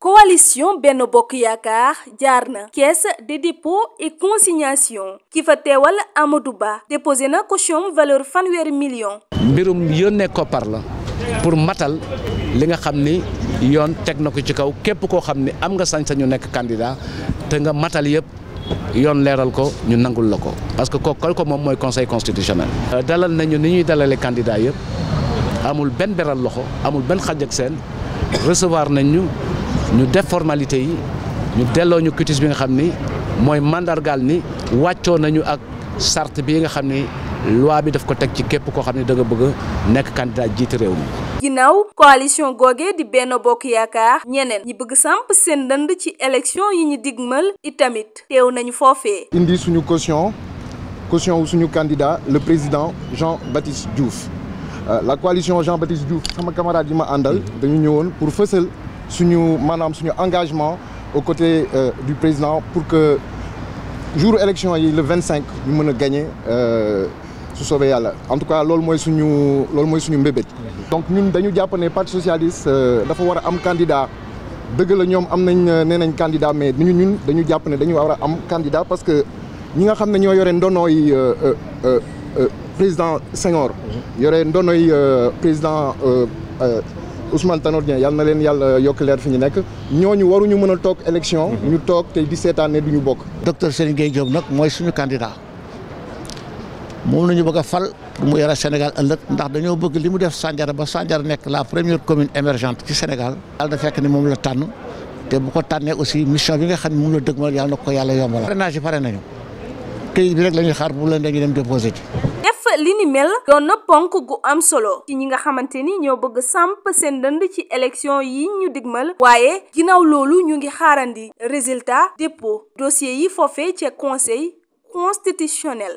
coalition benn bokk yaakaar jaar na caisse de dépôt et consignation ki fa teewal Amadou Ba déposé na caution valeur fanweeri million mbirum yónnee koppar la pour matal li nga xam ni yoon teg na ko ci kaw képp koo xam ni am nga sañ-sañu nekk candidat te nga matal yépp yoon leeral ko ñu nangul la ko parce que kooku ko moom mooy conseil constitutionnel. Euh, dalal nañu ni ñuy dalalee candidat yëpp amul benn beral loxo amul benn xaj seen recevoir nañ ñu ñu def formalité yi ñu delloo ñu cutis bi nga xam ni mooy mandargaal ni wàccoo nañu ak charte bi nga xam ni. loi bi daf ko teg ci képp koo xam ne danga nga bëgg nekk candidat jiit réew mi. ginnaaw coalition googee di benn bokk yaakaar ñeneen ñi bëgg samp seen ndënd ci élection yi ñu digmal itamit teew nañu foofee. indi suñu caution caution wu suñu candidat le président Jean-Baptiste Diouf euh, la coalition Jean-Baptiste Diouf sama camarade yi ma àndal dañu ñëwoon pour fësal suñu maanaam suñu engagement aux côtés euh, du président pour que jour élection yi le 25 ñu mën a gagner. Euh, su soobee yàlla en tout cas loolu mooy suñu loolu mooy suñu mbébét. donc ñun dañu jàpp ne parti socialiste euh, dafa war a am candidat dëgg la ñoom am nañ euh, nee nañ candidat mais ñun ñun dañu jàpp ne dañu war a am candidat parce que ñi nga xam ne ñoo yore ndono yi euh, président Senghor. yore ndono yi président Ousmane Tanor Dieng yàlla na leen yàlla yokk leer fi ñu nekk ñooñu waruñu mën a toog élection. Mhm. ñu toog tey di seetaan ne duñu bokk. docteur Serigne Gueye Diop nag mooy suñu candidat. moom la ñu bëgg a fal pour mu yore Sénégal ëllëg ndax dañoo bëgg li mu def Sandiara ba Sandiara nekk la première commune émergente ci Sénégal. yàlla na fekk ni moom la tànn te bu ko tànnee aussi mission bi nga xam ne moom la dëgmal yàlla na ko yàlla yombal. parrainage yi pare nañu këyit bi rek la xaar bu leen dañuy dem déposé ji. li ni mel doon na ponk gu am solo ci ñi nga xamante ni ñoo bëgg samp seen dënd ci élection yi ñu digmal waaye ginnaaw loolu ñu ngi xaarandi résultat dépôt dossier yi foofee ca conseil constitutionnel